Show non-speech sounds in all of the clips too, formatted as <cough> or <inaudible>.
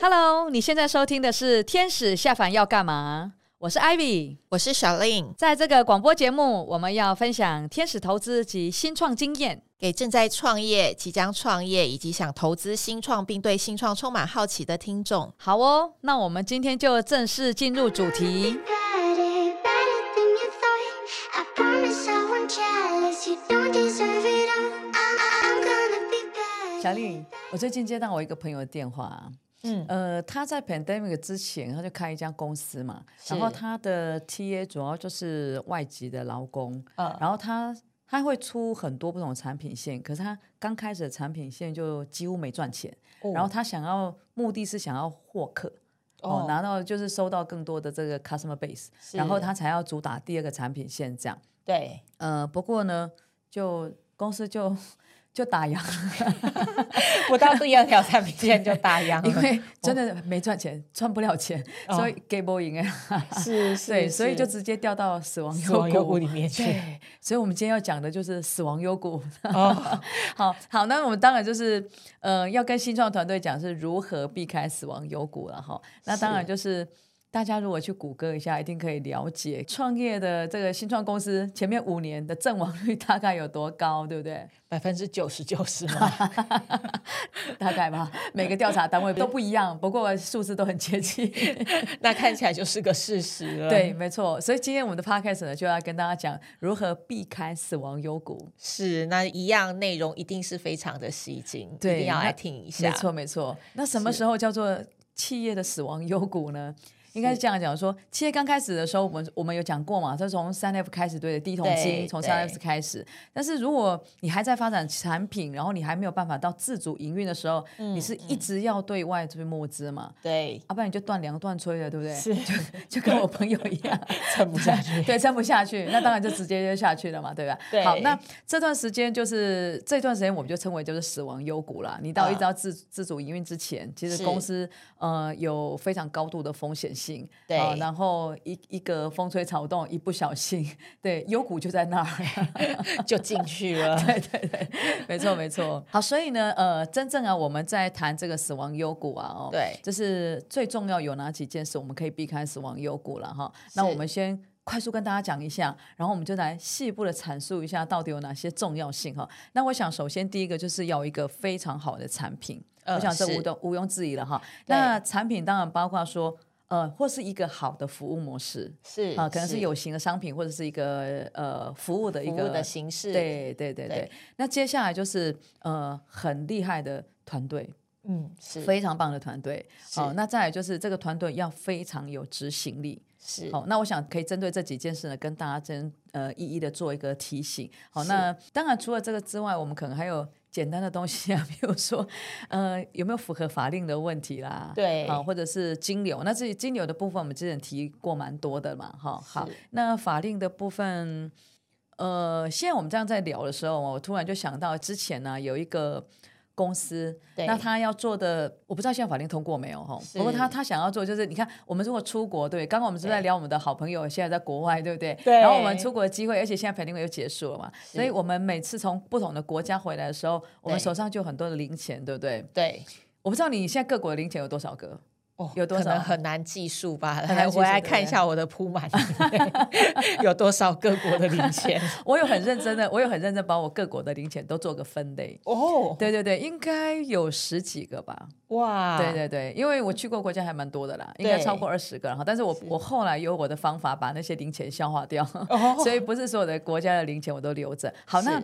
哈嘍，你現在收聽的是《天使下凡要幹嘛》，我是 Ivy，我是小令。在這個廣播節目，我們要分享天使投資及新創經驗，給正在創業、即將創業以及想投資新創並對新創充滿好奇的聽眾。好哦，那我們今天就正式進入主題。小令，我最近接到我一個朋友的電話。嗯，呃，他在 pandemic 之前，他就開一家公司嘛，是然後他的 TA 主要就是外籍的勞工，嗯、哦，然後他他會出很多不同的產品線，可是他剛開始的產品線就幾乎沒賺錢，哦、然後他想要目的是想要獲客，哦，哦，拿到就是收到更多的這個 customer base，是然後他才要主打第二個產品線這樣，對，呃，不過呢，就公司就。就打烊， <laughs> <laughs> <laughs> 我到最一兩條產品線就打烊， <laughs> 因為真的沒賺錢，賺、 <laughs> 哦、不了錢，哦、所以 game over 了。哈哈是，是，是對，所以所以就直接掉到死亡幽谷，谷裡面去對。是所以，我們今天要講的就是死亡幽谷。哦、 <laughs> 好，好，那我們當然就是，嗯、呃，要跟新創團隊講是如何避開死亡幽谷了哈。那當然就是。是大家如果去谷歌一下，一定可以了解創業的這個新創公司前面五年的陣亡率大概有多高，對不對？百分之九十九是嗎？ <laughs> 大概吧，每個調查單位都不一樣， <laughs> 不過數字都很接近， <laughs> 那看起來就是個事實了。對，沒錯。所以今天我們的 Podcast 呢，就要跟大家講如何避開死亡幽谷。是，那一樣內容一定是非常的吸睛，對一定要來聽一下。沒錯，沒錯。那什麼時候叫做企業的死亡幽谷呢？應該是這樣講，說其實剛開始的時候，我們我們有講過嘛，就從三 F 開始，對的第一桶金，從三 F 開始。但是如果你還在發展產品，然後你還沒有辦法到自主營運的時候，你是一直要對外這邊募資嘛，對，要不然你就斷糧斷炊了，對不對？是，就就跟我朋友一樣，撐不下去，對，撐不下去，那當然就直接就下去了嘛，對吧？對。好，那這段時間就是這段時間，我們就稱為就是死亡幽谷啦。你到一直到自自主營運之前，其實公司呃有非常高度的風險。行對、哦、然後一一個風吹草動，一不小心，對，幽谷就在那兒， <laughs> <laughs> 就進去了。對對對，沒錯沒錯。 <laughs> 好，所以呢，呃，真正啊，我們在談這個死亡幽谷啊，哦，對，這是最重要有哪幾件事我們可以避開死亡幽谷了哈？哦、是那我們先快速跟大家講一下，然後我們就來細部的闡述一下到底有哪些重要性哈、哦？那我想，首先第一個就是要一個非常好的產品，呃、我想這無動毋是庸置疑了哈。哦、對那產品當然包括說。呃，或是一個好的服務模式，是啊，可能是有形的商品，是或者是一個呃服務的一個服務的形式，對對對對。那接下來就是呃很厲害的團隊，嗯，是非常棒的團隊。好是、哦，那再來就是這個團隊要非常有執行力，是。好、哦，那我想可以針對這幾件事呢，跟大家先呃一一的做一個提醒。好、哦，那是當然除了這個之外，我們可能還有，簡單的東西啊，比如說，呃，有沒有符合法令的問題啦？對，啊、哦，或者是金流，那至於金流的部分，我們之前提過蠻多的嘛，哈、哦，好，是那法令的部分，呃，現在我們這樣在聊的時候，我突然就想到之前呢，有一個。公司，對那他要做的，我不知道現在法令通過沒有哈，不過是他他想要做的就是你看，我們如果出國對，剛剛我們是在聊我們的好朋友對現在在國外對不對？對。然後我們出國的機會，而且現在法令又結束了嘛，是所以我們每次從不同的國家回來的時候，我們手上就有很多的零錢，對，對不對？對。我不知道你現在各國的零錢有多少個。有多少人很難計數吧？來，我來看一下我的鋪滿，有多少各國的零錢？我有很認真的，我有很認真把我各國的零錢都做個分類。哦，對對對，應該有十幾個吧？哇，對對對，因為我去過國家還蠻多的啦，應該超過二十個。然後，但是我我後來有我的方法把那些零錢消化掉，所以不是所有的國家的零錢我都留着。好，那。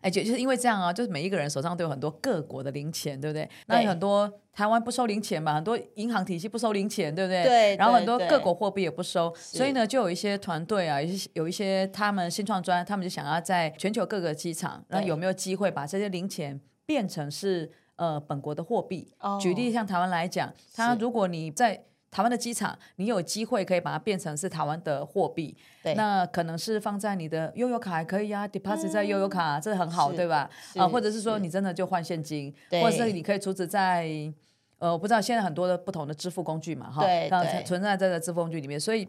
哎、欸，就就是因為這樣啊，就是每一個人手上都有很多各國的零錢，對不對？那對有很多台灣不收零錢嘛，很多銀行體系不收零錢，對不對？對。然後很多各國貨幣也不收，所以呢，就有一些團隊啊，有一些有一些他們新創專，他們就想要在全球各個機場，那有沒有機會把這些零錢變成是呃本國的貨幣？哦、舉例像台灣來講，他如果你在。台灣的機場，你有機會可以把它變成是台灣的貨幣，對那可能是放在你的悠遊卡還可以呀、啊嗯、，deposit 在悠遊卡、啊，這很好，是對吧？啊是、呃，或者是說你真的就換現金，是或者是你可以儲值在，呃，我不知道現在很多的不同的支付工具嘛，哈，對然後存在在這個支付工具裡面，所以。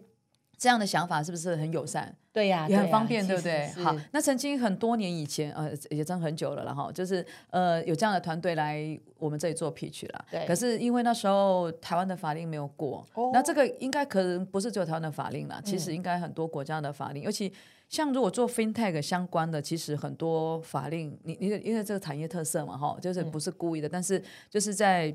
這樣的想法是不是很友善？對呀、啊，對啊、也很方便，對，啊、對不對？好，那曾經很多年以前，呃，也真很久了然後哈。就是呃，有這樣的團隊來我們這裡做 pitch 了。對可是因為那時候台灣的法令沒有過，哦、那這個應該可能不是只有台灣的法令了。嗯、其實應該很多國家的法令，尤其像如果做 FinTech 相關的，其實很多法令，你你因為這個產業特色嘛哈，就是不是故意的，嗯、但是就是在。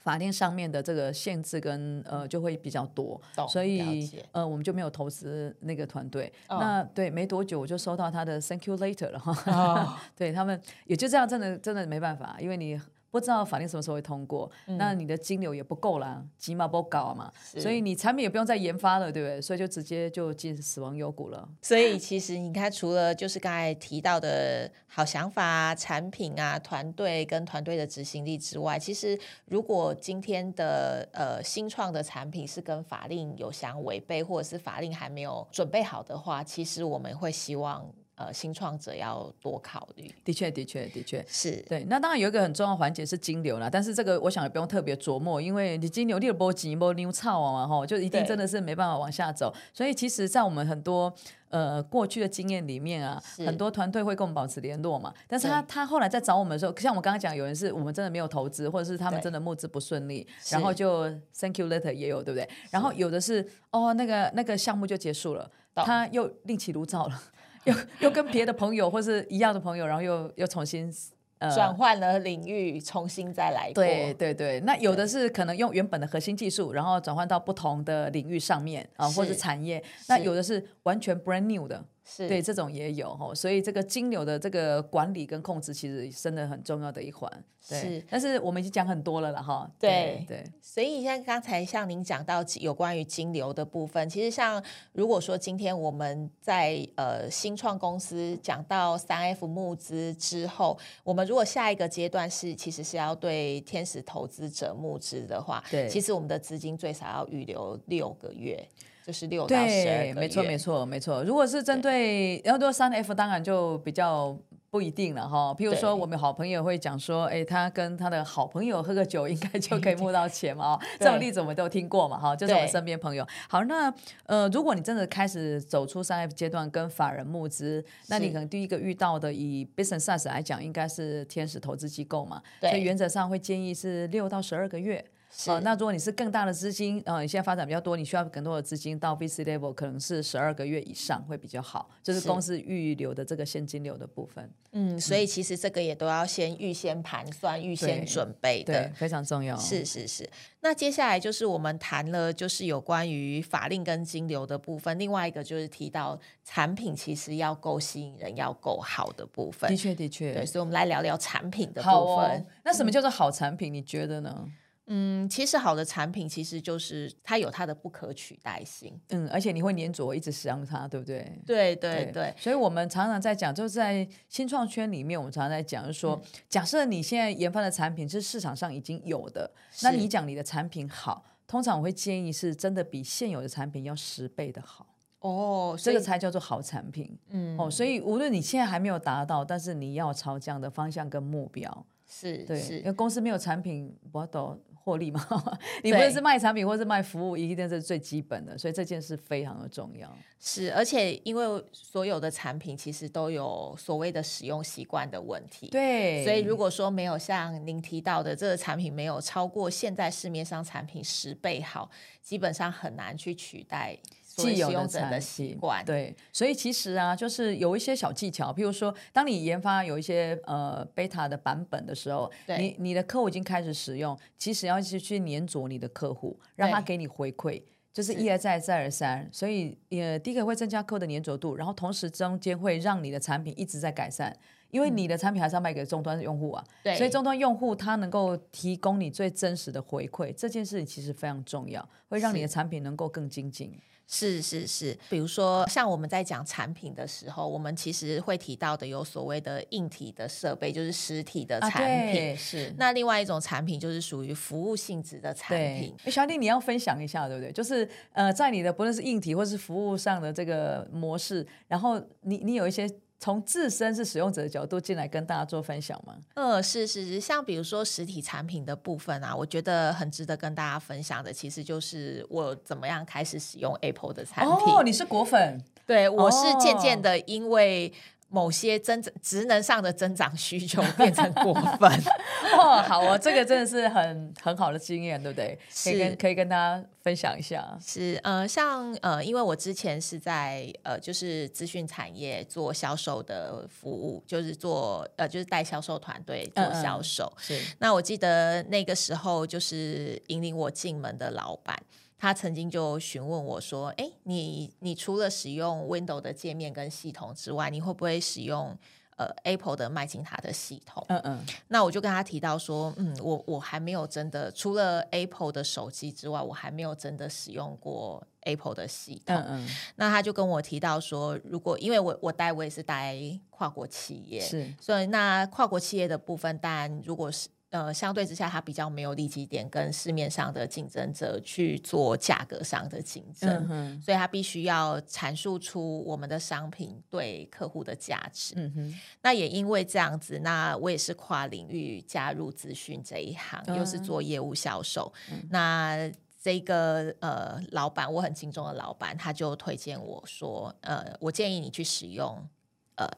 法令上面的這個限制跟呃就會比較多。懂所以解呃我們就沒有投資那個團隊。哦、那對沒多久我就收到他的 Thank you later 了哈，呵呵哦、對他們也就這樣，真的真的沒辦法，因為你。不知道法令什麼時候會通過，嗯、那你的金流也不夠啦，起碼不搞、啊、嘛，是所以你產品也不用再研發了，對不對？所以就直接就進死亡幽谷了。所以其實你看，除了就是剛才提到的好想法、產品啊、團隊跟團隊的執行力之外，其實如果今天的呃新創的產品是跟法令有相違背，或者是法令還沒有準備好的話，其實我們會希望。呃，新創者要多考慮，的確，的確，的確是對。那當然有一個很重要環節是金流啦，但是這個我想也不用特別琢磨，因為你金流有波，金一波 new 差網嘛吼，就一定真的是沒辦法往下走。對所以其實，在我們很多呃過去的經驗裡面啊，是很多團隊會跟我們保持聯絡嘛。但是他對他後來在找我們的時候，像我剛剛講，有人是我們真的沒有投資，或者是他們真的募資不順利，對然後就 thank you letter 也有對不對？是然後有的是哦，那個那個項目就結束了，懂他又另起爐灶了。 <laughs> 又又跟別的朋友或是一樣的朋友，然後又又重新，呃、轉換了領域，重新再來過。對對對，那有的是可能用原本的核心技術，對然後轉換到不同的領域上面啊，呃，或是產業。是那有的是完全 brand new 的。是對，這種也有哈，所以這個金流的這個管理跟控制，其實真的很重要的一環。對，是，但是我們已經講很多了了哈。對對，對，所以像剛才像您講到有關於金流的部分，其實像如果說今天我們在呃新創公司講到三 F 募資之後，我們如果下一個階段是其實是要對天使投資者募資的話，對，其實我們的資金最少要預留六個月。就是六到十二個月，沒錯沒錯沒錯。如果是針對，對要做三 F，當然就比較不一定了哈。譬如說，我們好朋友會講說，對哎，他跟他的好朋友喝個酒，應該就可以募到錢嘛。這種例子我們都聽過嘛哈，就是我們身邊朋友。對好，那呃，如果你真的開始走出三 F 階段，跟法人募資，是那你可能第一個遇到的以 business size 來講，應該是天使投資機構嘛。對所以原則上會建議是六到十二個月。呃是、哦、那如果你是更大的資金，呃、哦、你現在發展比較多，你需要更多的資金到 VC level，可能是十二個月以上會比較好，就是公司預留的這個現金流的部分。嗯，所以其實這個也都要先預先盤算、預先準備的，對對非常重要。是是是，是。那接下來就是我們談了，就是有關於法令跟金流的部分，另外一個就是提到產品，其實要夠吸引人、要夠好的部分。的確的確。的確對，所以我們來聊聊產品的部分。好哦、那什麼叫做好產品？嗯、你覺得呢？嗯，其實好的產品其實就是它有它的不可取代性。嗯，而且你會黏着一直使用它，對不對？對對對。對對對，所以我們常常在講，就是在新創圈裡面，我們常常在講，就是說，嗯、假設你現在研發的產品是市場上已經有的，是那你講你的產品好，通常我會建議是真的比現有的產品要十倍的好。哦，這個才叫做好產品。嗯，哦，所以無論你現在還沒有達到，但是你要朝這樣的方向跟目標。是，對，是因為公司沒有產品，我都。獲利嗎？ <laughs> 你不是，是賣產品或是賣服務，一定是最基本的，所以這件事非常的重要。是，而且因為所有的產品其實都有所謂的使用習慣的問題。對，所以如果說沒有像您提到的這個產品沒有超過現在市面上產品十倍好，基本上很難去取代，既有的習慣，的習慣對，所以其實啊，就是有一些小技巧，譬如說，當你研發有一些呃 beta 的版本的時候，對你你的客戶已經開始使用，其實要去去黏着你的客戶，讓他給你回饋，對就是一而再，再而三。是所以也，也第一個會增加客戶的黏着度，然後同時中間會讓你的產品一直在改善，因為你的產品還是要賣給終端用戶啊。對、嗯，所以終端用戶他能夠提供你最真實的回饋，對這件事情其實非常重要，會讓你的產品能夠更精進。是是是，比如說像我們在講產品的時候，我們其實會提到的有所謂的硬體的設備，就是實體的產品。啊、是，那另外一種產品就是屬於服務性質的產品。小弟，你要分享一下，對不對？就是呃，在你的不論是硬體或是服務上的這個模式，然後你你有一些。從自身是使用者的角度進來跟大家做分享嗎？呃、嗯，是是是，像比如說實體產品的部分啊，我覺得很值得跟大家分享的，其實就是我怎麼樣開始使用 Apple 的產品。哦，你是果粉，對，哦、我是漸漸的因為。某些真正職能上的增長需求變成過分。 <laughs> 哦好啊， <laughs> 這個真的是很很好的經驗，對不對？是可以跟，可以跟大家分享一下。是，呃，像呃，因為我之前是在呃，就是資訊產業做銷售的服務，就是做呃，就是帶銷售團隊做銷售。嗯嗯，是。那我記得那個時候，就是引領我進門的老闆。他曾經就詢問我說：“誒，你你除了使用 Windows 的界面跟系統之外，你會不會使用呃 Apple 的麥金塔的系統？”嗯嗯。那我就跟他提到說：“嗯，我我還沒有真的除了 Apple 的手機之外，我還沒有真的使用過 Apple 的系統。”嗯嗯。那他就跟我提到說：“如果因為我我待我也是待跨國企業，是，所以那跨國企業的部分，但如果是。”呃，相對之下，它比較沒有利基點，跟市面上的競爭者去做價格上的競爭，嗯哼。所以它必須要闡述出我們的商品對客戶的價值。嗯哼。那也因為這樣子，那我也是跨領域加入資訊這一行，嗯、又是做業務銷售。嗯、那這個呃，老板，我很敬重的老板，他就推薦我說，呃，我建議你去使用。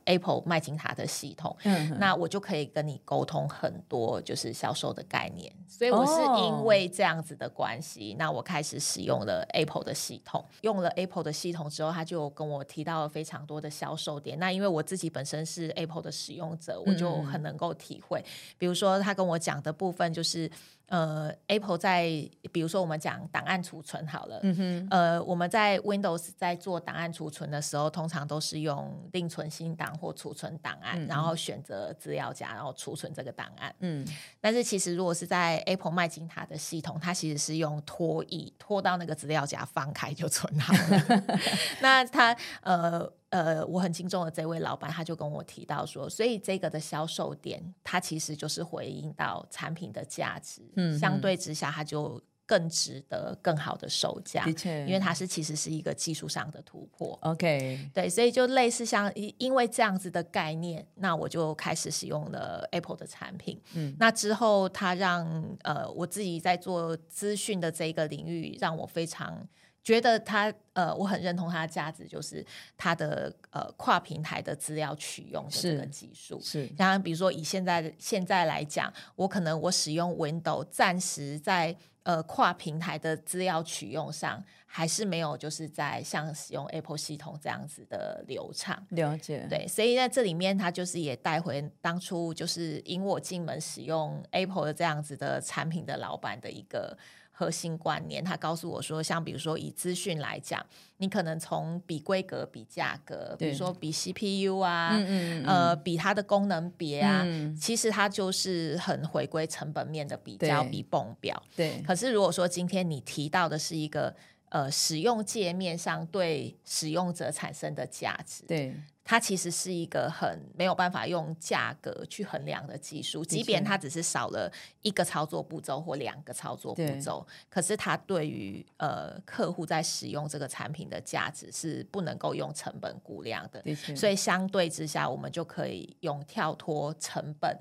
Apple 麥金塔的系統，嗯、那我就可以跟你溝通很多就是銷售的概念，所以我是因為這樣子的關係，哦、那我開始使用了 Apple 的系統。用了 Apple 的系統之後，他就跟我提到了非常多的銷售點。那因為我自己本身是 Apple 的使用者，我就很能夠體會。嗯、比如說，他跟我講的部分就是。呃，Apple 在比如說我們講檔案儲存好了，嗯哼，呃，我們在 Windows 在做檔案儲存的時候，通常都是用另存新檔或儲存檔案，嗯、然後選擇資料夾，然後儲存這個檔案。嗯，但是其實如果是在 Apple 麥金塔的系統，它其實是用拖移拖到那個資料夾，放開就存好了。 <laughs> <laughs> 那它呃。呃，我很敬重的這位老闆，他就跟我提到說，所以這個的銷售點，它其實就是回應到產品的價值，嗯哼，相對之下，它就更值得更好的售價，確因為它是其實是一個技術上的突破。OK，對，所以就類似像因為這樣子的概念，那我就開始使用了 Apple 的產品。嗯，那之後它讓呃我自己在做資訊的這一個領域，讓我非常。覺得它呃，我很認同它的價值，就是它的呃跨平台的資料取用的這個技術。是，然後比如說以現在現在來講，我可能我使用 Windows，暫時在呃跨平台的資料取用上還是沒有，就是在像使用 Apple 系統這樣子的流暢。了解。對，所以在這裡面，他就是也帶回當初就是引我進門使用 Apple 的這樣子的產品的老闆的一個核心觀念，他告訴我說，像比如說以資訊來講，你可能從比規格、比價格，對比如說比 CPU 啊嗯嗯嗯、呃，比它的功能別啊，嗯、其實它就是很回歸成本面的比較、對比泵表。對。可是如果說今天你提到的是一個、呃、使用界面上對使用者產生的價值，對。它其實是一個很沒有辦法用價格去衡量的技術，即便它只是少了一個操作步驟或兩個操作步驟，對可是它對於呃客戶在使用這個產品的價值是不能夠用成本估量的，對所以相對之下，我們就可以用跳脫成本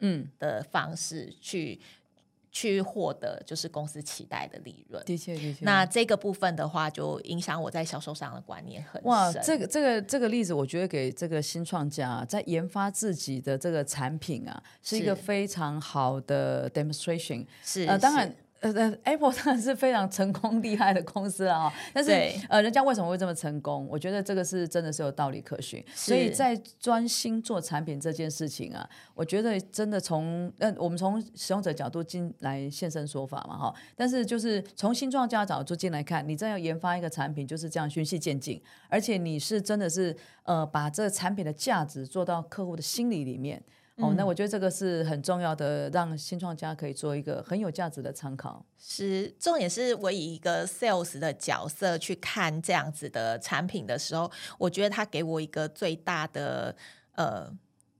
嗯的方式去。去獲得就是公司期待的利潤。的確，的確。那這個部分的話，就影響我在銷售上的觀念很深。哇，這個這個這個例子，我覺得給這個新創家在研發自己的這個產品啊，是一個非常好的 demonstration。是，呃，當然。是是。呃，Apple 當然是非常成功厲害的公司了啊。但是，對呃，人家為什麼會這麼成功？我覺得這個是真的是有道理可循。是所以在專心做產品這件事情啊，我覺得真的從呃我們從使用者角度進來現身說法嘛哈。但是就是從新創家的角度進來看，你真要研發一個產品，就是這樣循序漸進，而且你是真的是呃把這產品的價值做到客戶的心理裡面。哦，那我覺得這個是很重要的，讓新創家可以做一個很有價值的參考。是，重點是我以一個 sales 的角色去看這樣子的產品的時候，我覺得它給我一個最大的呃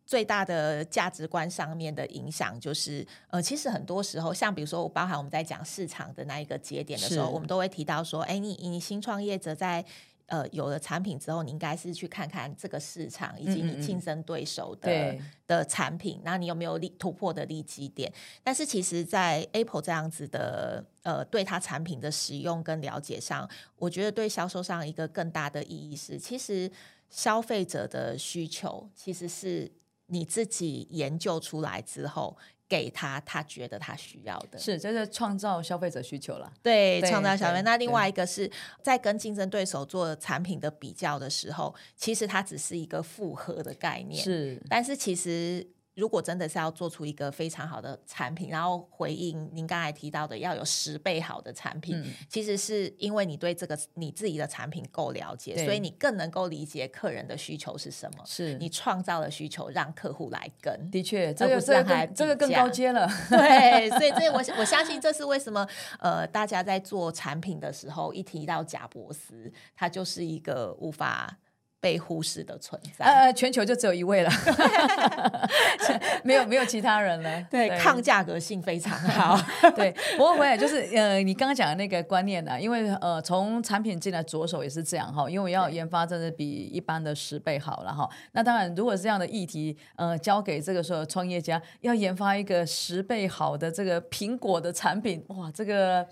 最大的價值觀上面的影響，就是呃，其實很多時候，像比如說我包含我們在講市場的那一個節點的時候，是我們都會提到說，哎，你你新創業者在。呃，有了產品之後，你應該是去看看這個市場以及你競爭對手的嗯嗯對的產品，那你有沒有利突破的利基點？但是，其實，在 Apple 這樣子的呃，對它產品的使用跟了解上，我覺得對銷售上一個更大的意義是，其實消費者的需求其實是你自己研究出來之後。給他，他覺得他需要的，是就是創造消費者需求了。對，對創造消費。對那另外一個是對在跟競爭對手做產品的比較的時候，其實它只是一個複合的概念。是，但是其實。如果真的是要做出一個非常好的產品，然後回應您剛才提到的要有十倍好的產品，嗯、其實是因為你對這個你自己的產品夠了解，對所以你更能夠理解客人的需求是什麼。是你創造了需求，讓客戶來跟。的確，這不是這個,這個更高階了。 <laughs> 對，所以這我我相信這是為什麼。呃，大家在做產品的時候，一提到賈伯斯，他就是一個無法。被忽視的存在，呃，全球就只有一位了， <laughs> <laughs> <laughs> 沒有沒有其他人了。對，抗價格性非常好。 <laughs> 對，不過回來就是，呃，你剛剛講的那個觀念呢、啊？因為呃，從產品進來着手也是這樣哈，因為我要研發真的比一般的十倍好了哈。那當然，如果是這樣的議題，呃，交給這個時候創業家要研發一個十倍好的這個蘋果的產品，哇，這個。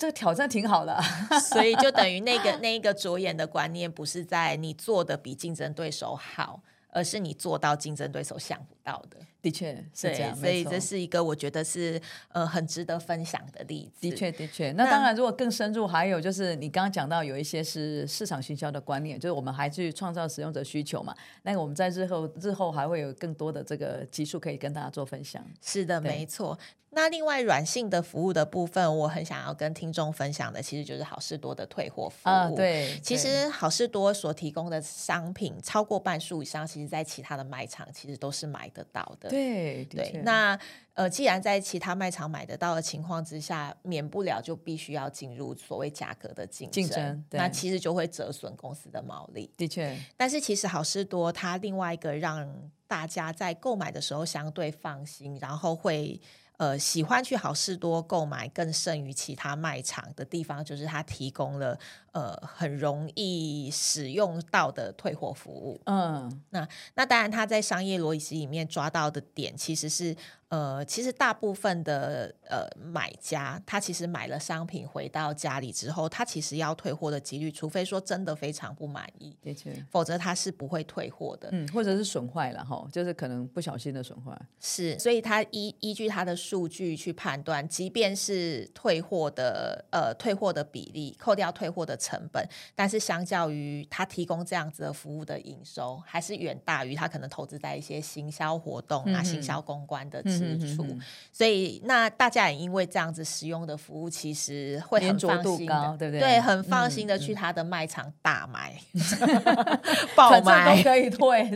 這個挑戰挺好的，啊，所以就等於那個 <laughs> 那一個着眼的觀念不是在你做的比競爭對手好，而是你做到競爭對手想不到的。的確，是這樣，對錯所以這是一個我覺得是呃很值得分享的例子。的確，的確。那當然，如果更深入，那還有就是你剛剛講到有一些是市場行銷的觀念，就是我們還去創造使用者需求嘛。那我們在日後日後還會有更多的這個集數可以跟大家做分享。是的，對沒錯。那另外軟性的服務的部分，我很想要跟聽眾分享的，其實就是好市多的退貨服務。啊、對，對。其實好市多所提供的商品超過半數以上，其實在其他的賣場其實都是買得到的。對，對。的確。那呃，既然在其他賣場買得到的情況之下，免不了就必須要進入所謂價格的競爭，競爭，那其實就會折損公司的毛利。的確，但是其實好市多，它另外一個讓大家在購買的時候相對放心，然後會。呃，喜歡去好事多購買，更勝於其他賣場的地方，就是它提供了。呃，很容易使用到的退貨服務，嗯，那那當然，他在商業邏輯裡面抓到的點其實是，呃，其實大部分的呃買家，他其實買了商品回到家裡之後，他其實要退貨的幾率，除非說真的非常不滿意，的確，否則他是不會退貨的，嗯，或者是損壞了哈，就是可能不小心的損壞，是，所以他依依據他的數據去判斷，即便是退貨的，呃，退貨的比例，扣掉退貨的。成本，但是相較於他提供這樣子的服務的營收，還是遠大於他可能投資在一些行銷活動、嗯、哼啊、行銷公關的支出。嗯嗯、所以，那大家也因為這樣子使用的服務，其實會很放心的黏著度高，對不對？對，很放心的去他的賣場大買，爆買都可以退。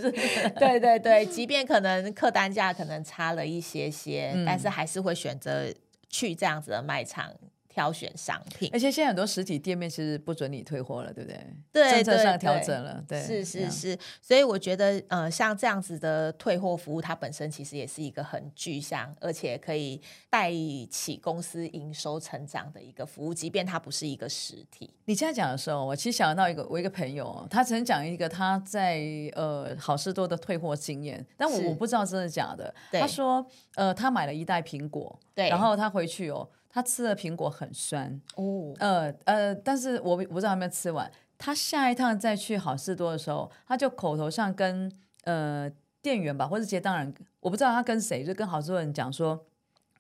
對對對，即便可能客單價可能差了一些些，嗯、但是還是會選擇去這樣子的賣場。挑選商品，而且現在很多實體店面其實不准你退貨了，對不對？對，政策上調整了，對。對對是是是，這樣。所以我覺得，呃，像這樣子的退貨服務，它本身其實也是一個很具象，而且可以帶起公司營收成長的一個服務。即便它不是一個實體，你現在講的時候，我其實想到一個，我一個朋友，哦，他曾經講一個他在呃好市多的退貨經驗，但我我不知道真的假的。對，他說，呃，他買了一袋蘋果，對，然後他回去哦。他吃的蘋果很酸哦，oh. 呃、呃，但是我我不知道有沒有吃完。他下一趟再去好市多的時候，他就口頭上跟呃店員吧，或者接當然我不知道他跟誰，就跟好市多人講說，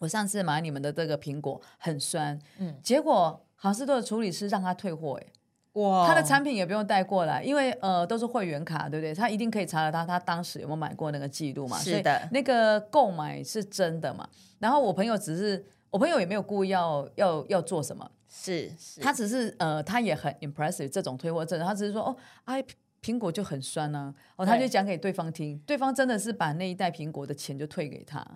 我上次買你們的這個蘋果很酸，嗯，結果好市多的處理是讓他退貨，哎，哇，他的產品也不用帶過來，因為呃都是會員卡，對不對？他一定可以查得到他他當時有沒有買過那個記錄嘛？是的，那個購買是真的嘛？然後我朋友只是。我朋友也沒有故意要要要做什麼，是，是。他只是呃，他也很 impressive 這種退貨證，他只是說哦，哎、啊，蘋果就很酸呢，啊，哦，他就講給對方聽，對，對方真的是把那一袋蘋果的錢就退給他。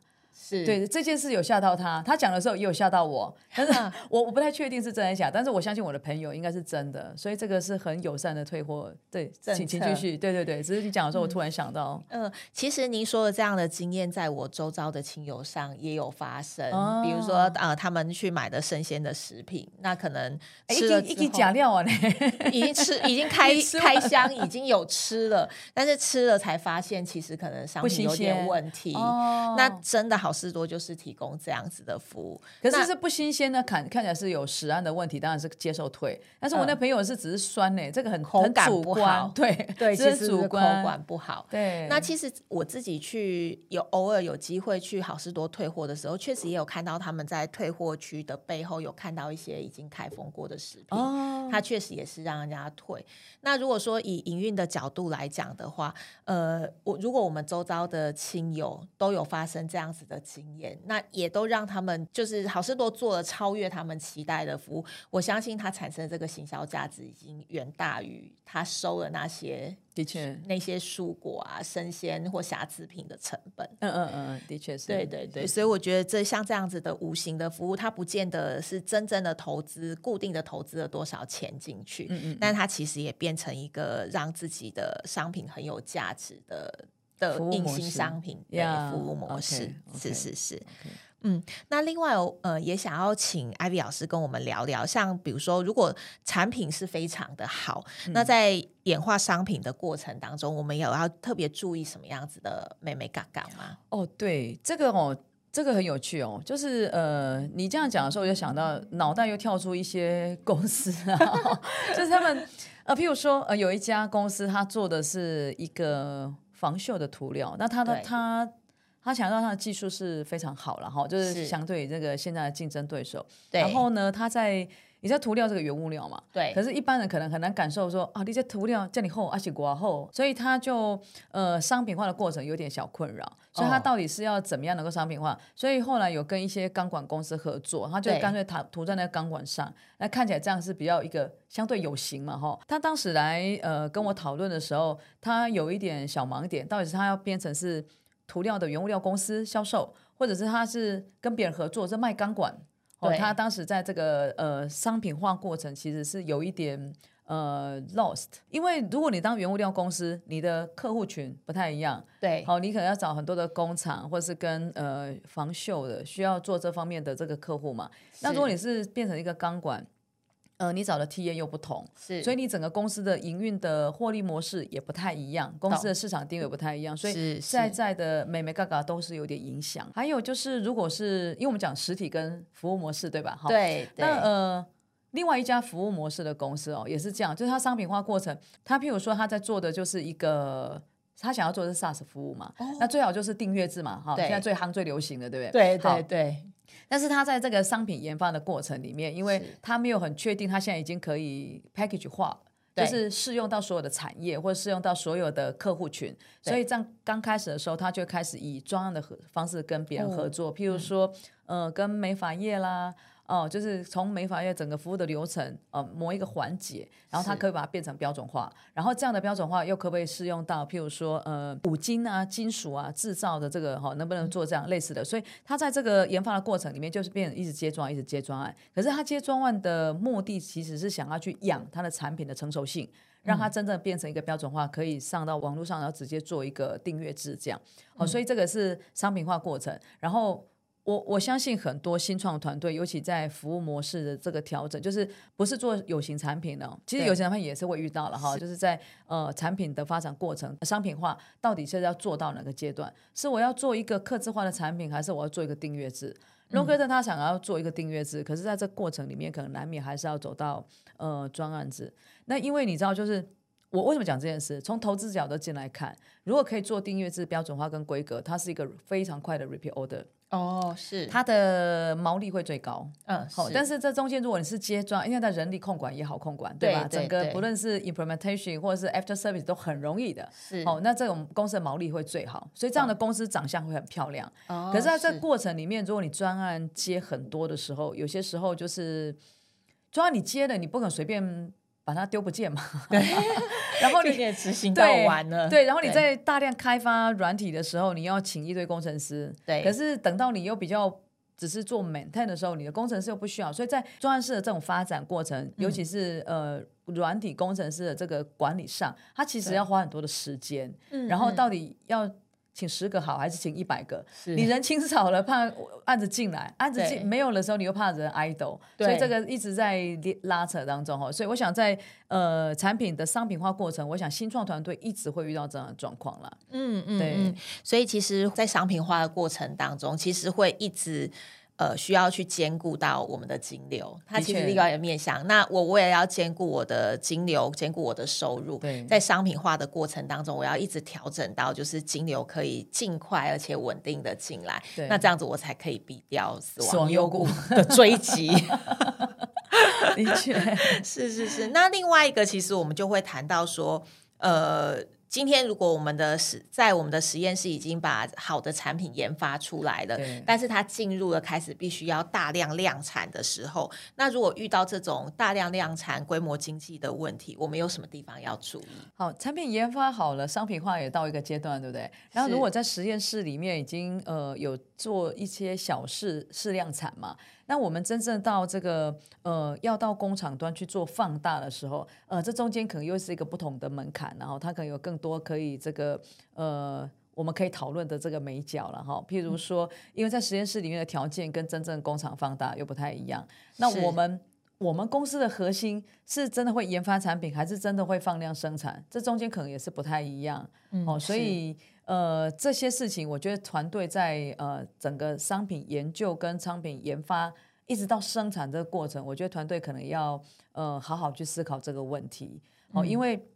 是，對這件事有嚇到他，他講的時候也有嚇到我。但是我我不太確定是真的還是假的，但是我相信我的朋友應該是真的，所以這個是很友善的退貨。對，請請繼續，對對對。只是你講的時候，我突然想到，嗯、呃，其實您說的這樣的經驗，在我周遭的親友上也有發生。哦、比如說啊、呃，他們去買的生鮮的食品，那可能已經已經講了，了已經吃已經開開箱已經有吃了，但是吃了才發現其實可能商品有點問題。哦、那真的好。市多就是提供這樣子的服務，可是是不新鮮的，那看看起來是有食安的問題，當然是接受退。但是我那朋友是只是酸呢、欸，嗯、這個很口感不好，對對，對其實口感不好。對，那其實我自己去有偶爾有機會去好市多退貨的時候，確實也有看到他們在退貨區的背後有看到一些已經開封過的食品，哦，他確實也是讓人家退。那如果說以營運的角度來講的話，呃，我如果我們周遭的親友都有發生這樣子的，經驗，那也都讓他們就是好事多做了超越他們期待的服務。我相信它產生這個行銷價值已經遠大於他收了那些的確那些蔬果啊、生鮮或瑕疵品的成本。嗯嗯嗯，的確是，對對對。是所以我覺得這像這樣子的無形的服務，它不見得是真正的投資，固定的投資了多少錢進去，嗯嗯嗯，但它其實也變成一個讓自己的商品很有價值的。的隱形商品，服務模式是是是，okay. 嗯，那另外呃，也想要請艾比老師跟我們聊聊，像比如說，如果產品是非常的好，嗯、那在演化商品的過程當中，我們有要特別注意什麼樣子的眉眉角角嗎？哦，oh, 對，這個哦，這個很有趣哦，就是呃，你這樣講的時候，我就想到腦袋又跳出一些公司啊， <laughs> 就是他們呃，譬如說呃，有一家公司，他做的是一個。防鏽的塗料，那他的對他他強調他的技術是非常好了哈，就是相對於這個現在的競爭對手，是然後呢，他在。你在塗料這個原物料嘛？對。可是，一般人可能很難感受說啊，你這塗料這裡厚，而且刮厚，所以它就呃商品化的過程有點小困擾。所以它到底是要怎麼樣能夠商品化？哦、所以後來有跟一些鋼管公司合作，它就乾脆塗在那個鋼管上，那對看起來這樣是比較一個相對有型嘛，哈、哦。他當時來呃跟我討論的時候，他有一點小盲點，到底是他要變成是塗料的原物料公司銷售，或者是他是跟別人合作，這賣鋼管？對哦，他當時在這個呃商品化過程其實是有一點呃 lost，因為如果你當原物料公司，你的客戶群不太一樣。對，好、哦，你可能要找很多的工廠，或者是跟呃防鏽的需要做這方面的這個客戶嘛。那是如果你是變成一個鋼管。呃，你找的體驗又不同，是，所以你整個公司的營運的獲利模式也不太一樣，對公司的市場定位不太一樣，所以現在，在的眉眉角角都是有點影響。是是還有就是，如果是因為我們講實體跟服務模式對吧？對。對那呃，另外一家服務模式的公司哦，也是這樣，就是它商品化過程，它譬如說，它在做的就是一個，它想要做的是 SaaS 服務嘛，哦、那最好就是訂閱制嘛，哈，對現在最夯、最流行的，對不對對對。對好對但是他在這個商品研發的過程裡面，因為他沒有很確定，他現在已經可以 package 化，是就是適用到所有的產業或者適用到所有的客戶群。對所以在剛開始的時候，他就開始以專案的合方式跟別人合作，嗯、譬如說，嗯、呃，跟美髮業啦。哦，就是從美髮業整個服務的流程，呃，某一個環節，然後它可，可以把它變成標準化，是然後這樣的標準化又可不可以適用到，譬如說，呃，五金啊、金屬啊製造的這個哈、哦，能不能做這樣、嗯、類似的？所以他在這個研發的過程裡面，就是變一直接專案，一直接專案。可是他接專案的目的其實是想要去養他的產品的成熟性，嗯、讓它真正變成一個標準化，可以上到網絡上，然後直接做一個訂閱制這樣。哦，所以這個是商品化過程，然後。我我相信很多新創團隊，尤其在服務模式的這個調整，就是不是做有形產品的，哦，其實有形產品也是會遇到的哈。是就是在呃產品的發展過程，商品化到底是要做到哪個階段？是我要做一個客制化的產品，還是我要做一個訂閱制？羅、嗯、克森他想要做一個訂閱制，可是在這過程裡面，可能難免還是要走到呃專案制。那因為你知道，就是我為什麼講這件事，從投資角度進來看，如果可以做訂閱制標準化跟規格，它是一個非常快的 repeat order。哦，是它的毛利會最高，嗯，好、哦，是但是這中間如果你是接專，因為它人力控管也好控管，對吧？對對對整個不論是 implementation 或者是 after service 都很容易的，是、哦。那這種公司的毛利會最好，所以這樣的公司長相會很漂亮。嗯、可是在這個過程裡面，哦、如果你專案接很多的時候，是有些時候就是專案你接的，你不可能隨便。把它丟不見嘛，對 <laughs> 然後你 <laughs> 也執行到完了對，對，然後你在大量開發軟體的時候，你要請一堆工程師，對，可是等到你又比較只是做 maintain 的時候，你的工程師又不需要，所以在專案式的這種發展過程，嗯、尤其是呃軟體工程師的這個管理上，它其實要花很多的時間，對然後到底要請十個好還是請一百個？是你人請少了怕案子進來，案子進對沒有的時候你又怕人 idle，對所以這個一直在拉扯當中哈。所以我想在呃產品的商品化過程，我想新創團隊一直會遇到這樣的狀況了。嗯嗯，對。所以其實在商品化的過程當中，其實會一直。呃，需要去兼顧到我們的金流，它其實另外一個面向，確那我我也要兼顧我的金流，兼顧我的收入，對在商品化的過程當中，我要一直調整到，就是金流可以儘快而且穩定的進來。對那這樣子我才可以避掉死亡幽谷的追擊。的確，是是是。那另外一個，其實我們就會談到說，呃。今天如果我們的實在我們的實驗室已經把好的產品研發出來了，對但是它進入了開始必須要大量量產的時候，那如果遇到這種大量量產規模經濟的問題，我們有什麼地方要注意？好，產品研發好了，商品化也到一個階段，對不對？是然後如果在實驗室裡面已經呃有做一些小試量產嘛？那我們真正到這個呃，要到工廠端去做放大的時候，呃，這中間可能又是一個不同的門檻，然後它可能有更多可以這個呃，我們可以討論的這個美角了哈。譬如說，因為在實驗室裡面的條件跟真正工廠放大又不太一樣。那我們是我們公司的核心是真的會研發產品，還是真的會放量生產？這中間可能也是不太一樣。嗯、哦，所以。呃，這些事情，我覺得團隊在呃整個商品研究跟商品研發，一直到生產這個過程，我覺得團隊可能要呃好好去思考這個問題。哦，因為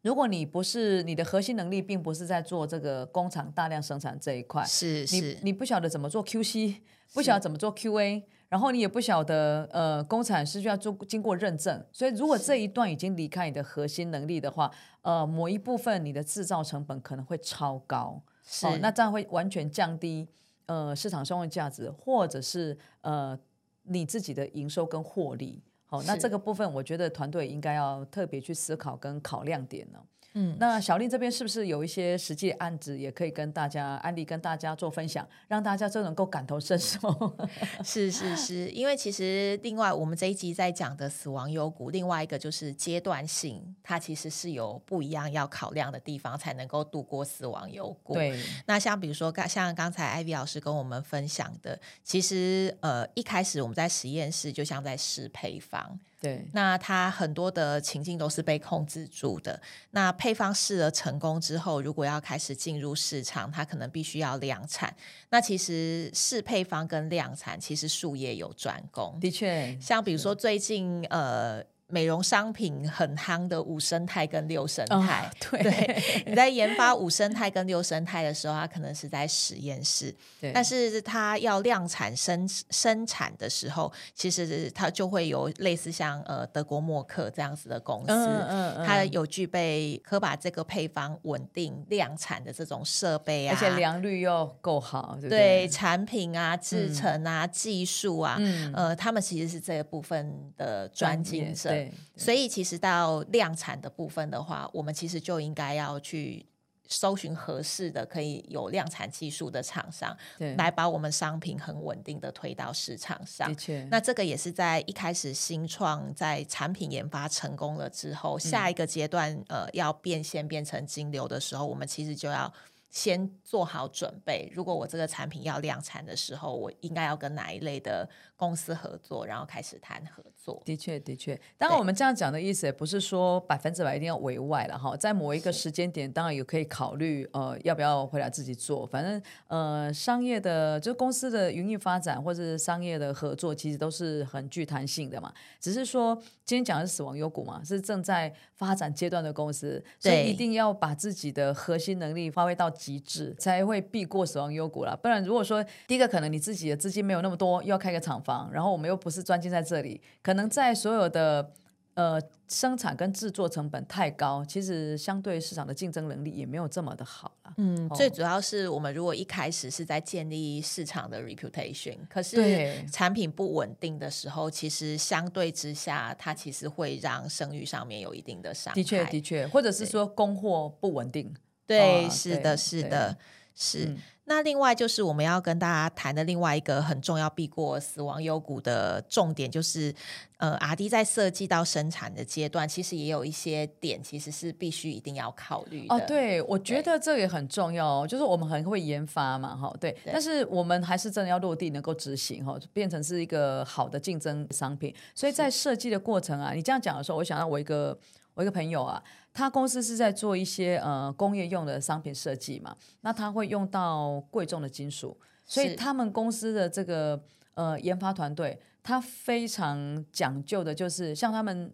如果你不是你的核心能力，並不是在做這個工廠大量生產這一塊，是是你，你不曉得怎麼做 QC，不曉得怎麼做 QA。然後你也不曉得，呃，工廠是需要做經過認證，所以如果這一段已經離開你的核心能力的話，是呃，某一部分你的製造成本可能會超高，是，哦，那這樣會完全降低，呃，市場生活價值，或者是呃，你自己的營收跟獲利，好，哦，那這個部分我覺得團隊應該要特別去思考跟考量點呢。嗯，那小麗這邊是不是有一些實際案子，也可以跟大家案例跟大家做分享，讓大家都能夠感同身受？ <laughs> 是是是，因為其實另外我們這一集在講的死亡幽谷，另外一個就是階段性，它其實是有不一樣要考量的地方，才能夠度過死亡幽谷。對，那像比如說剛像剛才艾薇老師跟我們分享的，其實呃一開始我們在實驗室就像在試配方。對，那它很多的情境都是被控制住的。那配方試了成功之後，如果要開始進入市場，它可能必須要量產。那其實試配方跟量產，其實術業有專攻。的確，像比如說最近是呃。美容商品很夯的五生態跟六生態，oh, 對, <laughs> 對。你在研發五生態跟六生態的時候，它可能是在實驗室，對。但是它要量產生生產的時候，其實它就會有類似像呃德國默克這樣子的公司，嗯,嗯,嗯它有具備可把這個配方穩定量產的這種設備啊，而且良率又夠好，對對,對產品啊，製程啊，嗯、技術啊，嗯，呃，他們其實是這一部分的專精者所以，其實到量產的部分的話，我們其實就應該要去搜尋合適的可以有量產技術的廠商，對來把我們商品很穩定的推到市場上。確那這個也是在一開始新創在產品研發成功了之後，下一個階段、嗯、呃要變現變成金流的時候，我們其實就要先做好準備。如果我這個產品要量產的時候，我應該要跟哪一類的公司合作，然後開始談合。的確的確，當然我們這樣講的意思也不是說百分之百一定要委外了哈，在某一個時間點，當然也可以考慮呃要不要回來自己做，反正呃商業的就公司的營運發展或者是商業的合作，其實都是很具彈性的嘛，只是說今天講的是死亡幽谷嘛，是正在。發展階段的公司，所以一定要把自己的核心能力發揮到極致，對才會避過死亡幽谷啦。不然，如果說第一個可能你自己的資金沒有那麼多，又要開個廠房，然後我們又不是專精在這裡，可能在所有的。呃，生產跟製作成本太高，其實相對市場的競爭能力也沒有這麼的好了，啊。嗯，哦、最主要是我們如果一開始是在建立市場的 reputation，可是對產品不穩定的時候，其實相對之下，它其實會讓聲譽上面有一定的傷害。的確，的確，或者是說供貨不穩定，對，對哦，是的，對是的，對是。嗯那另外就是我們要跟大家談的另外一個很重要避過死亡幽谷的重點，就是呃，RD 在設計到生產的階段，其實也有一些點其實是必須一定要考慮的。哦，對，我覺得這個也很重要哦，對就是我們很會研發嘛，哈，對，對，但是我們還是真的要落地能夠執行哈，變成是一個好的競爭商品。所以在設計的過程啊，是你這樣講的時候，我想到我一個我一個朋友啊。他公司是在做一些呃工業用的商品設計嘛，那他會用到貴重的金屬，是所以他們公司的這個呃研發團隊，他非常講究的，就是像他們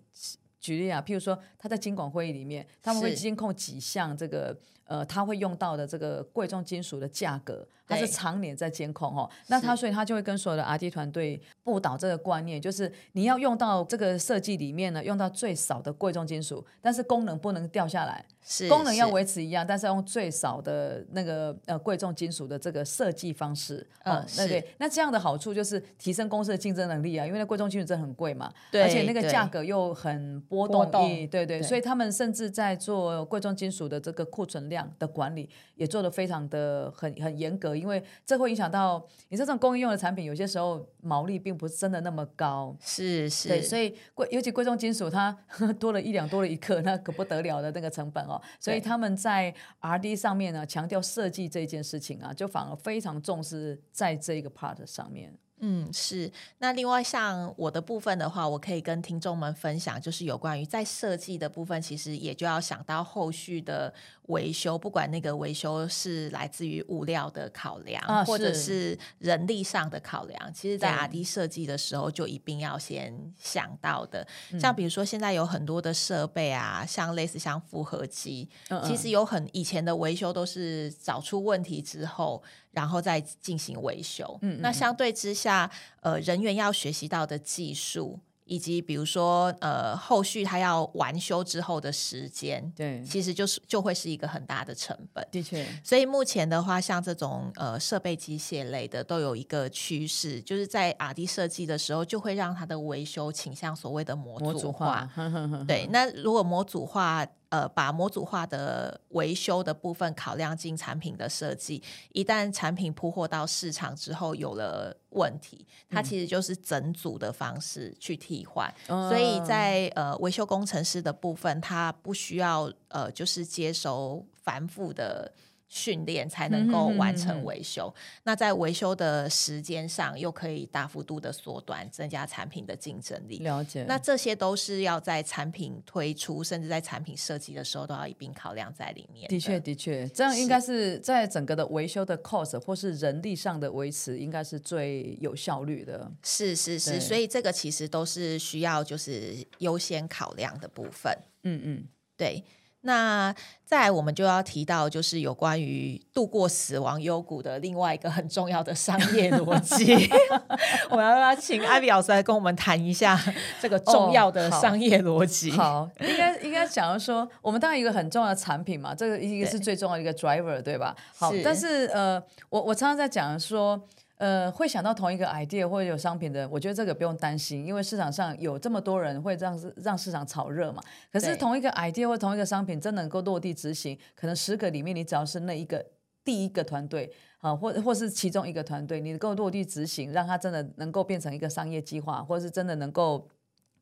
舉例啊，譬如說他在經管會議裡面，他們會監控幾項這個是呃他會用到的這個貴重金屬的價格。它對是常年在監控哦，是那他所以他就會跟所有的 R&D 團隊佈導這個觀念，就是你要用到這個設計裡面呢，用到最少的貴重金屬，但是功能不能掉下來，是功能要維持一樣，是但是要用最少的那個呃貴重金屬的這個設計方式，嗯，對、嗯、是對，那這樣的好處就是提升公司的競爭能力啊，因為那貴重金屬真的很貴嘛，對而且那個價格又很波動，波動欸、對對，對所以他們甚至在做貴重金屬的這個庫存量的管理也做得非常的很很嚴格。因為這會影響到，你這種工業用的產品，有些時候毛利並不是真的那麼高，是是，所以貴尤其貴重金屬它，它多了一兩多了一克，那可不得了的那個成本哦。所以他們在 R D 上面呢，啊，對強調設計這件事情啊，就反而非常重視在這個 part 上面。嗯，是。那另外像我的部分的話，我可以跟聽眾們分享，就是有關於在設計的部分，其實也就要想到後續的。維修，不管那個維修是來自於物料的考量，啊、或者是人力上的考量，其實在 RD 設計的時候就一定要先想到的。嗯、像比如說，現在有很多的設備啊，像類似像複合機，嗯嗯其實有很以前的維修都是找出問題之後，然後再進行維修。嗯嗯那相對之下，呃，人員要學習到的技術。以及比如說，呃，後續它要完修之後的時間，對，其實就是就會是一個很大的成本。的確，所以目前的話，像這種呃設備機械類的，都有一個趨勢，就是在 RD 設計的時候，就會讓它的維修傾向所謂的模組化。模組化，對，呵呵呵，那如果模組化。呃，把模組化的維修的部分考量進產品的設計。一旦產品鋪貨到市場之後有了問題，它其實就是整組的方式去替換。嗯、所以在呃維修工程師的部分，它不需要呃就是接受繁複的。訓練才能夠完成維修。嗯哼嗯哼。那在維修的時間上，又可以大幅度的縮短，增加產品的競爭力。了解。那這些都是要在產品推出，甚至在產品設計的時候，都要一併考量在裡面的。的確，的確，這樣應該是在整個的維修的 cost 是或是人力上的維持，應該是最有效率的。是是是，對所以這個其實都是需要就是優先考量的部分。嗯嗯，對。那再來我們就要提到，就是有關於度過死亡幽谷的另外一個很重要的商業邏輯。 <laughs> <laughs> 我要，不要請艾比老師來跟我們談一下這個重要的商業邏輯。好應，應該應該講到說，我們當然一個很重要的產品嘛，這個一個是最重要的一個 driver，對吧？對好，是但是呃，我我常常在講說。呃，會想到同一個 idea 或有商品的，我覺得這個不用擔心，因為市場上有這麼多人會讓讓市場炒熱嘛。可是同一個 idea 或同一個商品真能夠落地執行，可能十個裡面你只要是那一個第一個團隊啊，或或是其中一個團隊，你能夠落地執行，讓它真的能夠變成一個商業計劃，或是真的能夠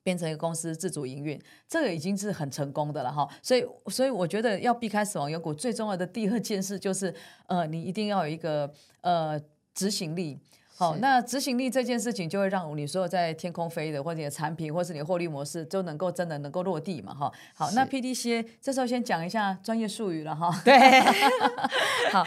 變成一個公司自主營運，這個已經是很成功的了哈。所以，所以我覺得要避開死亡幽谷，最重要的第二件事就是，呃，你一定要有一個，呃。執行力，好，是那執行力這件事情就會讓你所有在天空飛的，或者你的產品，或者是你的獲利模式，都能夠真的能夠落地嘛，哈。好，是那 P D C A 這時候先講一下專業術語了哈。對， <laughs> 好，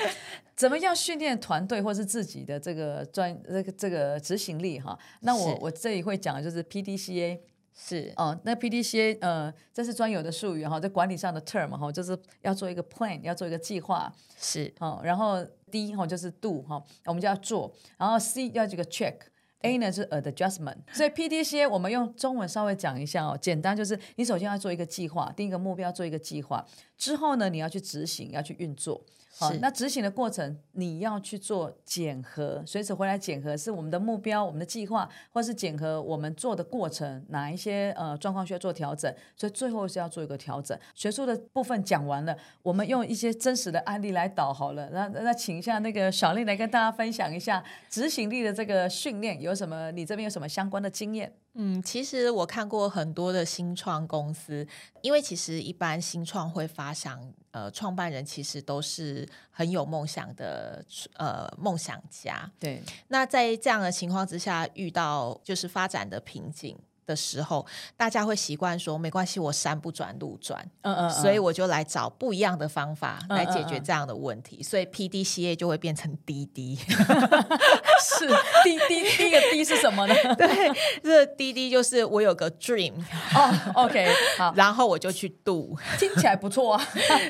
怎麼樣訓練團隊或者是自己的這個專這個這個執行力哈？那我是我這裡會講的就是 P D C A。是哦，那 P D C A，呃，這是專有的術語哈，在、哦、管理上的 term 哈、哦，就是要做一個 plan，要做一個計劃，是哦，然後 D 哈、哦、就是 do 哈、哦，我們就要做，然後 C 要這個 check，A 對呢就是 adjustment，所以 P D C A 我們用中文稍微講一下哦，簡單就是你首先要做一個計劃，定一個目標，做一個計劃。之後呢，你要去執行，要去運作。好，是那執行的過程，你要去做檢核，隨時回來檢核，是我們的目標，我們的計劃，或是檢核我們做的過程，哪一些呃狀況需要做調整，所以最後是要做一個調整。學術的部分講完了，我們用一些真實的案例來導好了，是那那請一下那個小麗來跟大家分享一下執行力的這個訓練有什麼，你這邊有什麼相關的經驗？嗯，其實我看過很多的新創公司，因為其實一般新創會發想，呃，創辦人其實都是很有夢想的，呃，夢想家。對，那在這樣的情況之下，遇到就是發展的瓶頸。的時候，大家會習慣說“沒關係，我山不轉路轉”，嗯嗯，所以我就來找不一樣的方法來解決這樣的問題，所以 P D C A 就會變成 DD，是 DD 第一個 D 是什麼呢？對，這 DD 就是我有個 dream 哦，OK，好，然後我就去 do，聽起來不錯啊，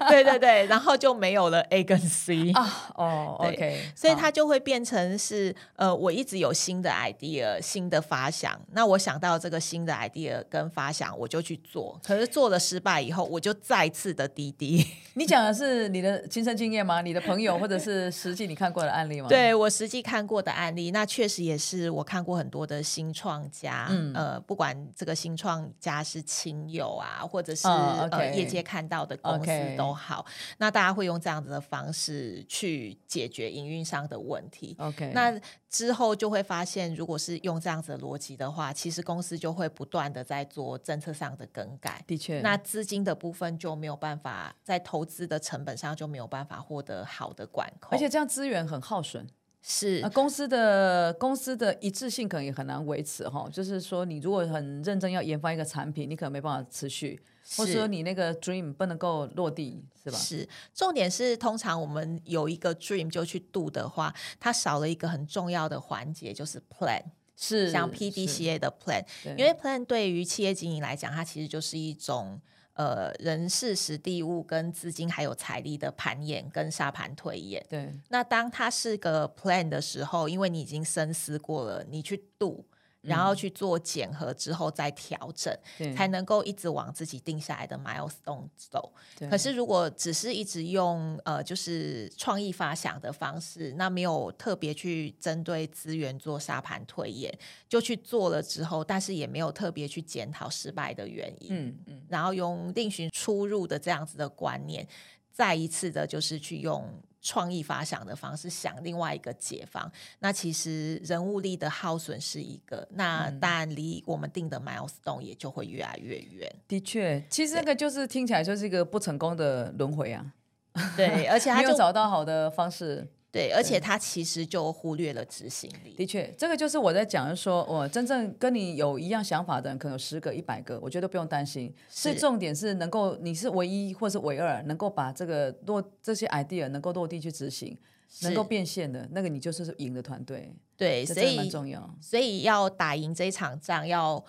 對對對，然後就沒有了 A 跟 C 哦，OK，所以它就會變成是呃，我一直有新的 idea、新的發想，那我想到這個。新的 idea 跟發想，我就去做。可是做了失敗以後，我就再次的滴滴。你講的是你的親身經驗嗎？你的朋友或者是實際你看過的案例嗎？ <laughs> 對我實際看過的案例，那確實也是我看過很多的新創家。嗯，呃，不管這個新創家是親友啊，或者是、uh, okay. 呃業界看到的公司都好，Okay. 那大家會用這樣子的方式去解決營運上的問題。OK，那。之後就會發現，如果是用這樣子的邏輯的話，其實公司就會不斷地在做政策上的更改。的確，那資金的部分就沒有辦法，在投資的成本上就沒有辦法獲得好的管控，而且這樣資源很耗損，是、啊、公司的公司的一致性可能也很難維持哈、哦。就是說，你如果很認真要研發一個產品，你可能沒辦法持續。或者說你那個 dream 不能夠落地，是吧？是，重點是通常我們有一個 dream 就去 do 的話，它少了一個很重要的環節，就是 plan。是，像 PDCA 的 plan，是因為 plan 對於企業經營來講，它其實就是一種呃人事、實地物跟資金還有財力的盤演跟沙盤推演。對，那當它是個 plan 的時候，因為你已經深思過了，你去 do。然後去做檢核，之後再調整，嗯、才能夠一直往自己定下來的 milestone 走。對可是如果只是一直用、呃、就是創意發想的方式，那沒有特別去針對資源做沙盤推演，就去做了之後，但是也沒有特別去檢討失敗的原因。嗯嗯、然後用另尋出入的這樣子的觀念，再一次的，就是去用，創意發想的方式，想另外一個解方。那其實人物力的耗損是一個，那當然離我們定的 milestone 也就會越來越遠。嗯。的確，其實那個就是聽起來就是一個不成功的輪迴啊。 <laughs> 對，而且他就沒有找到好的方式。對，而且他其實就忽略了執行力。的確，這個就是我在講說，就說我真正跟你有一樣想法的人，可能有十個、一百個，我覺得不用擔心。是最重點是能夠你是唯一或是唯二能夠把這個落這些 idea 能夠落地去執行，是能夠變現的那個，你就是贏的團隊。對，這重要。所以所以要打贏這一場仗要。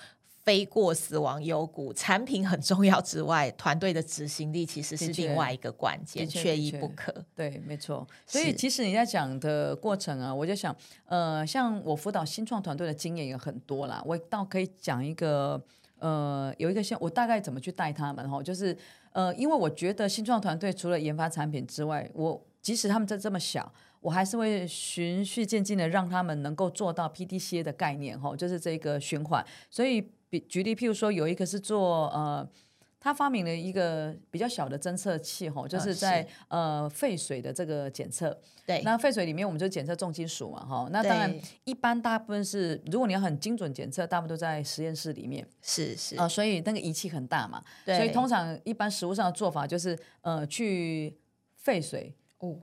飛過死亡幽谷，產品很重要之外，團隊的執行力其實是另外一個關鍵，缺確一不可。對，是對，沒錯。所以其實你在講的過程啊，我就想，呃，像我輔導新創團隊的經驗也很多啦，我倒可以講一個，呃，有一個像我大概怎麼去帶他們哈，就是，呃，因為我覺得新創團隊除了研發產品之外，我即使他們在這麼小，我還是會循序漸進的讓他們能夠做到 P D C A 的概念哈，就是這個循環，所以。比舉例，譬如說有一個是做呃，他發明了一個比較小的偵測器吼，就是在呃，是呃廢水的這個檢測。對。那廢水裡面我們就檢測重金屬嘛吼，那當然一般大部分是，如果你要很精準檢測，大部分都在實驗室裡面。是是。啊、呃，所以那個儀器很大嘛，對所以通常一般實務上的做法就是呃去廢水。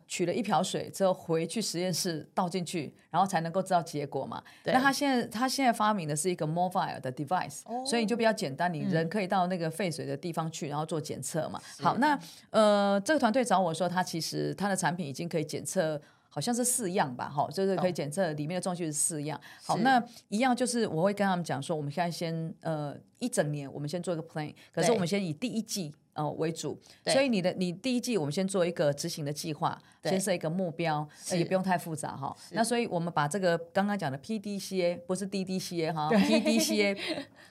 取了一瓢水，之後回去實驗室倒進去，然後才能夠知道結果嘛。對那他現在他現在發明的是一個 mobile 的 device，、oh, 所以就比較簡單，你人可以到那個廢水的地方去，嗯、然後做檢測嘛。是好，那呃，這個團隊找我說，他其實他的產品已經可以檢測，好像是四樣吧，好、哦，就是可以檢測裡面的東西是四樣。Oh, 好，是那一樣就是我會跟他們講說，我們現在先呃一整年我們先做一個 plan，可是我們先以第一季。呃、哦、為主，對所以你的你第一季我們先做一個執行的計劃。先設一個目標，對也不用太複雜哈。是那所以我們把這個剛剛講的 PDCA 不是 DDCA 哈對，PDCA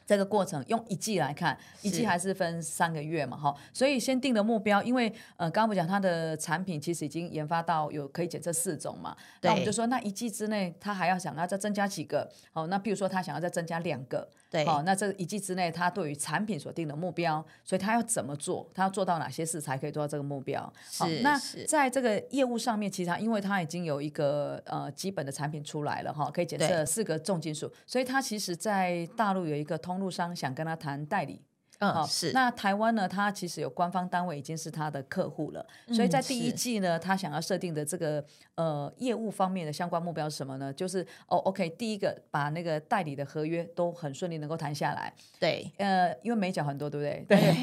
這個過程用一季來看，是一季還是分三個月嘛哈。所以先定的目標，因為呃剛剛我講它的產品其實已經研發到有可以檢測四種嘛，對那我們就說那一季之內他還要想要再增加幾個好、哦，那譬如說他想要再增加兩個，好對、哦，那這一季之內他對於產品所定的目標，所以他要怎麼做，他要做到哪些事才可以做到這個目標？好是、哦，那在這個業務業務上面，其實他因為它已經有一個呃基本的產品出來了哈，可以檢測四個重金屬，對所以它其實，在大陸有一個通路商想跟他談代理，嗯，哦、是。那台灣呢，它其實有官方單位已經是他的客戶了，所以在第一季呢，嗯、他想要設定的這個呃業務方面的相關目標是什麼呢？就是哦，OK，第一個把那個代理的合約都很順利能夠談下來，對，呃，因為沒講很多，對不對？對。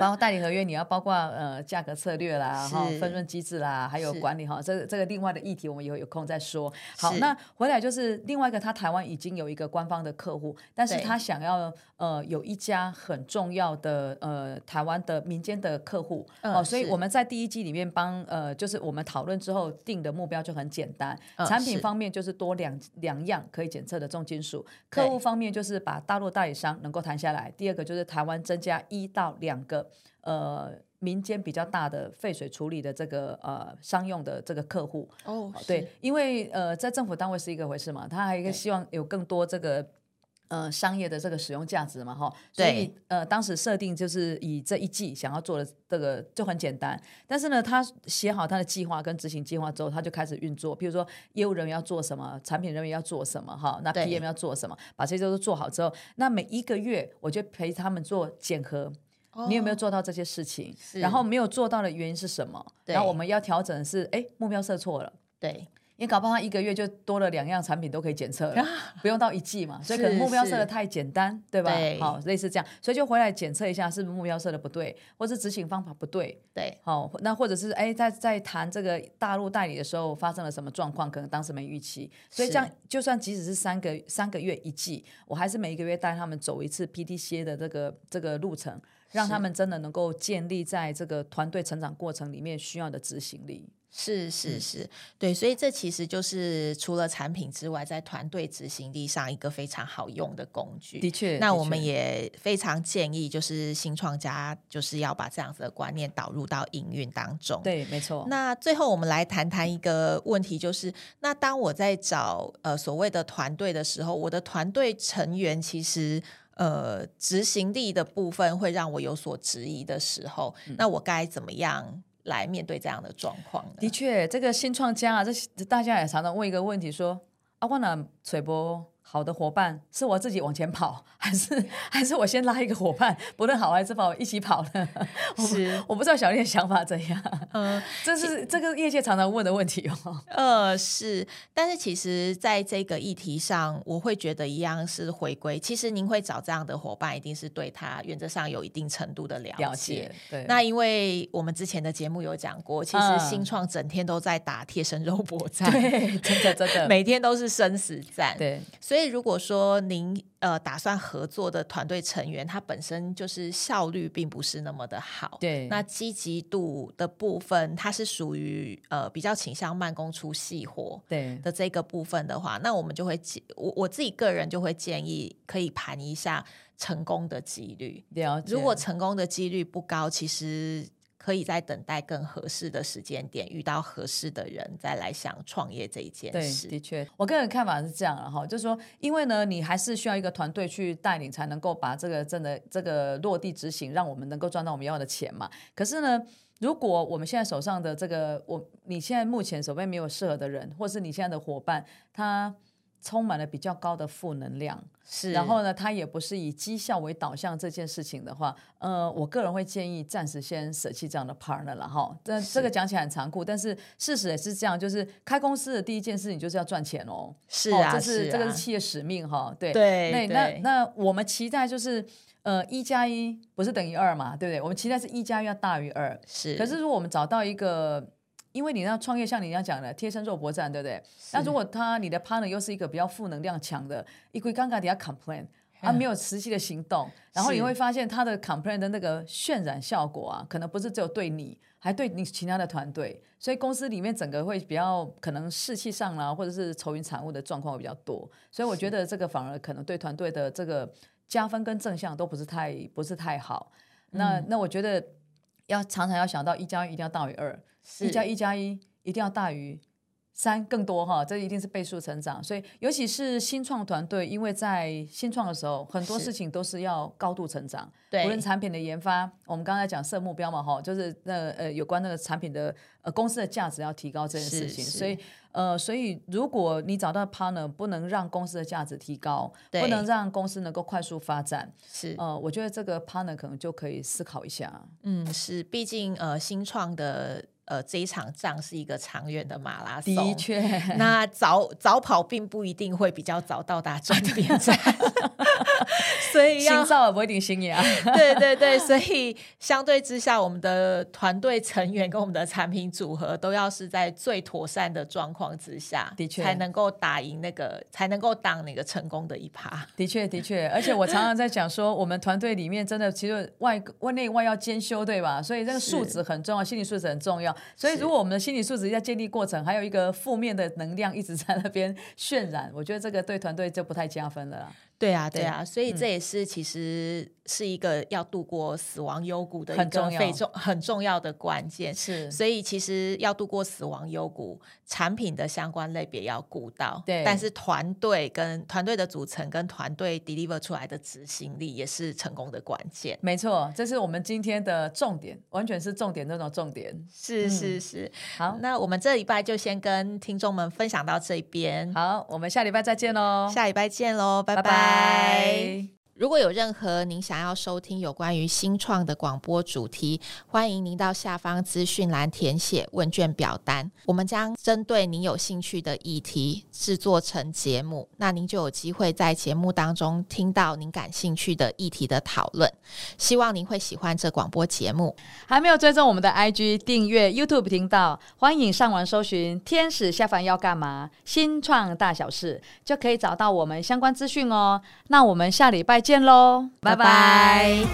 包括代理合約，你要包括呃價格策略啦，哈是，分潤機制啦，還有管理哈是，這個、這個另外的議題，我們以後有空再說。好，是那回來就是另外一個，他台灣已經有一個官方的客戶，但是他想要。呃，有一家很重要的呃台灣的民間的客戶、嗯、哦，所以我們在第一季裡面幫呃就是我們討論之後定的目標就很簡單，嗯、產品方面就是多兩兩樣可以檢測的重金屬，嗯、客戶方面就是把大陸代理商能夠談下來，對第二個就是台灣增加一到兩個呃民間比較大的廢水處理的這個呃商用的這個客戶哦，對，因為呃在政府單位是一個回事嘛，他還有一個希望有更多這個。呃，商業的這個使用價值嘛，哈，所以對呃，當時設定就是以這一季想要做的這個就很簡單。但是呢，他寫好他的計劃跟執行計劃之後，他就開始運作。譬如說，業務人員要做什麼，產品人員要做什麼，哈，那 PM 要做什麼，對把這些都做好之後，那每一個月我就陪他們做檢核，哦、你有沒有做到這些事情？是然後沒有做到的原因是什麼？對然後我們要調整是，哎，目標設錯了，對。你搞不好一個月就多了兩樣產品都可以檢測了， <laughs> 不用到一季嘛，所以可能目標設得太簡單，是是，對吧？對好，類似這樣，所以就回來檢測一下，是不是目標設得不對，或者執行方法不對，對，好，那或者是哎，在在談這個大陸代理的時候發生了什麼狀況，可能當時沒預期，所以這樣是就算即使是三個三個月一季，我還是每一個月帶他們走一次 PDCA 的這個這個路程，讓他們真的能夠建立在這個團隊成長過程裡面需要的執行力。是是是，是是嗯、對，所以這其實就是除了產品之外，在團隊執行力上一個非常好用的工具。的確，那我們也非常建議，就是新創家就是要把這樣子的觀念導入到營運當中。對，沒錯。那最後我們來談談一個問題，就是那當我在找呃所謂的團隊的時候，我的團隊成員其實呃執行力的部分會讓我有所質疑的時候，嗯、那我該怎麼樣？來面對這樣的狀況的。的確，這個新創家啊，這大家也常常問一個問題，說啊，我哪找不到好的夥伴是我自己往前跑，還是還是我先拉一個夥伴，不論好壞，一起跑呢？是我，我不知道小麗想法怎樣。嗯，這是其這個業界常常問的問題哦。呃、嗯，是，但是其實在這個議題上，我會覺得一樣是回歸。其實您會找這樣的夥伴，一定是對他原則上有一定程度的了解。了解，對，那因為我們之前的節目有講過，其實新創整天都在打貼身肉搏戰，嗯，對，真的真的，每天都是生死戰。對，所以。所以，如果說您呃打算合作的團隊成員，他本身就是效率並不是那麼的好，對，那積極度的部分，它是屬於呃比較傾向慢工出細活，對的這個部分的話，對，那我們就會我我自己個人就會建議，可以盤一下成功的幾率。了解，如果成功的幾率不高，其實。可以再等待更合適的時間點，遇到合適的人，再來想創業這一件事。對，的確，我個人看法是這樣了哈，就是說，因為呢，你還是需要一個團隊去帶領，才能夠把這個真的這個落地執行，讓我們能夠賺到我們要的錢嘛。可是呢，如果我們現在手上的這個，我你現在目前手邊沒有適合的人，或是你現在的夥伴，他充滿了比較高的負能量，是。然後呢，他也不是以績效為導向這件事情的話，呃，我個人會建議暫時先舍棄這樣的 partner 了哈。但這，是這個講起來很殘酷，但是事實也是這樣，就是開公司的第一件事情就是要賺錢哦，是啊，哦、這是，是、啊、這個企業使命哈。對對那對那，那我們期待就是呃，一加一不是等於二嘛，對不對？我們期待是一加一要大於二，是。可是如果我們找到一個。因為你要創業，像你這樣講的貼身肉搏戰，對不對？那是、啊、如果他你的 partner 又是一個比較負能量強的，一規剛剛底下 complain 他沒有持續的行動，嗯、然後你會發現他的 complain 的那個渲染效果啊，是可能不是只有對你，還對你其他的團隊，所以公司裡面整個會比較可能士氣上啦、啊，或者是愁雲慘霧的狀況會比較多。所以我覺得這個反而可能對團隊的這個加分跟正向都不是太不是太好。嗯、那那我覺得要常常要想到一加一一定要大於二。是一加一加一一定要大於三，更多哈，這一定是倍數成長。所以，尤其是新創團隊，因為在新創的時候，很多事情都是要高度成長。對，無論產品的研發，我們剛才講設目標嘛，哈，就是那呃，有關那個產品的呃，公司的價值要提高這件事情。所以，呃，所以如果你找到 partner，不能讓公司的價值提高，對不能讓公司能夠快速發展，是呃，我覺得這個 partner 可能就可以思考一下。嗯，是，畢竟呃，新創的。呃，這一場仗是一個長遠的馬拉松。的確，那早早跑並不一定會比較早到達終點站。 <laughs> <laughs> 所以要，新手也不一定新野。 <laughs> 對對對，所以相對之下，我們的團隊成員跟我們的產品組合都要是在最妥善的狀況之下，的確才能夠打贏那個，才能夠當那個成功的一趴。的確，的確。而且我常常在講說， <laughs> 我們團隊裡面真的其實外外內外要兼修，對吧？所以這個素質很重要，是心理素質很重要。所以，如果我們的心理素質要建立過程，還有一個負面的能量一直在那邊渲染，我覺得這個對團隊就不太加分了。對啊，對啊，嗯、所以這也是其實。是一個要度過死亡幽谷的一個很重要的關鍵，是，所以其實要度過死亡幽谷，產品的相關類別要顧到，對，但是團隊跟團隊的組成跟團隊 deliver 出來的執行力也是成功的關鍵，沒錯，這是我們今天的重點，完全是重點中的重點，是是是，嗯，是是，好，那我們這禮拜就先跟聽眾們分享到這一邊，好，我們下禮拜再見嘍，下禮拜見嘍，拜拜。拜拜。如果有任何您想要收聽有關於新創的廣播主題，歡迎您到下方資訊欄填寫問卷表單，我們將針對您有興趣的議題製作成節目，那您就有機會在節目當中聽到您感興趣的議題的討論。希望您會喜歡這廣播節目。還沒有追蹤我們的 IG，訂閱 YouTube 頻道，歡迎上網搜尋“天使下凡要幹嘛”，新創大小事就可以找到我們相關資訊哦。那我們下禮拜。見嘍，拜拜。